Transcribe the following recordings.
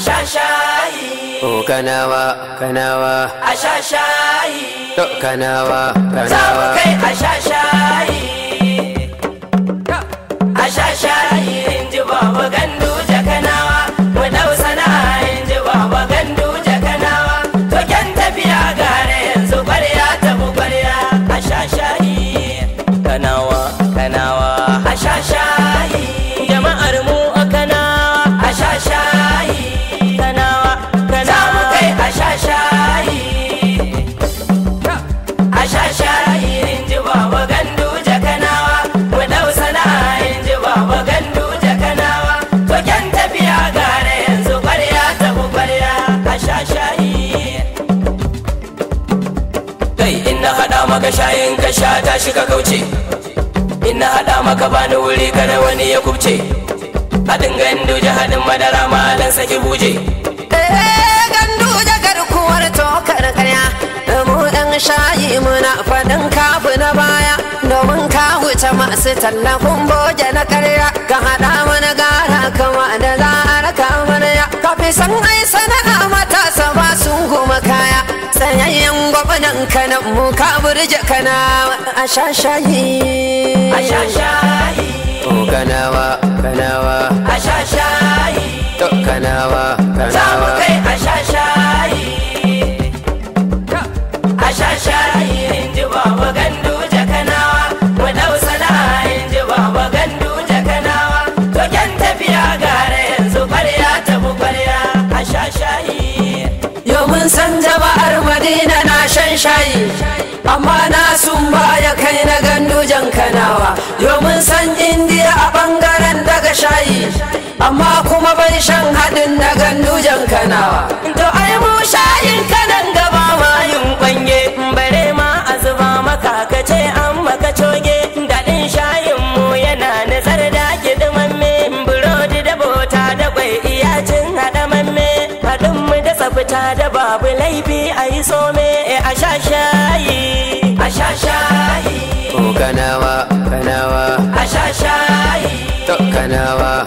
sha o kanawa kanawa a to kanawa kanawa za mu kai a sha in baba gandu da kanawa mu dau sana'a in ji baba gandu da kanawa to kyan tafiya gare yanzu kwarya ta bu kwarya a kanawa kanawa maka shayin ka sha shi ka kauce ina haɗa maka bani wuri kada wani ya kubce haɗin gandu jihadin madara malan saki buje eh, gandu da garkuwar tokar karya mu ɗan shayi muna fadin kafu na baya domin ka wuce masu tallafin boje na karya ka haɗa mana gara kama da za a raka mana ya kafi san ai kwabanan kana mu ka burje kana a shashayi a shashayi o kanawa kanawa a shashayi to kanawa kanawa za mu kai a shashayi a shashayi in ji baba gandu jakanawa mu dau sana'a in ji baba gandu jakanawa to kyan tafiya gara yanzu kwarya ta mu kwarya a shashayi yo mun san shayi amma na sun ya kai na gandujan kanawa domin san indiya a bangaren daga shayi amma kuma bai shan haɗin na gandujan kanawa fita da babu laifi a yi some eh, a sha shayi a sha shayi kanawa kanawa a sha shayi to kanawa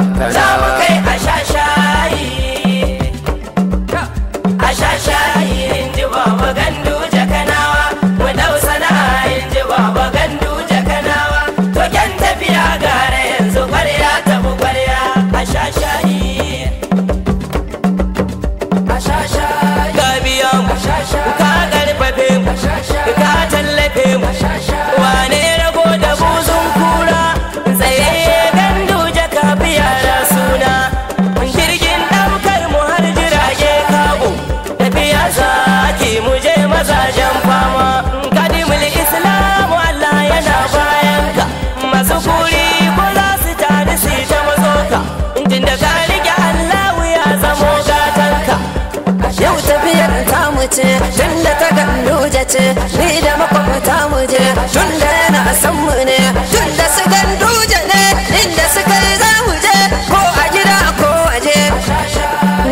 ce tun da ta gandoja ce ni da makwabta mu je tun da yana san mu ne tun da su gandoja ne inda su kai za mu je ko a gida ko je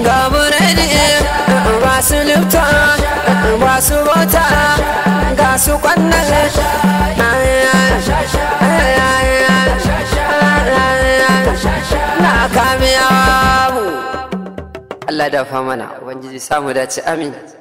ga buredi ba su lifta ba su mota ga su kwanan na Allah da fa mana ubangiji samu dace amin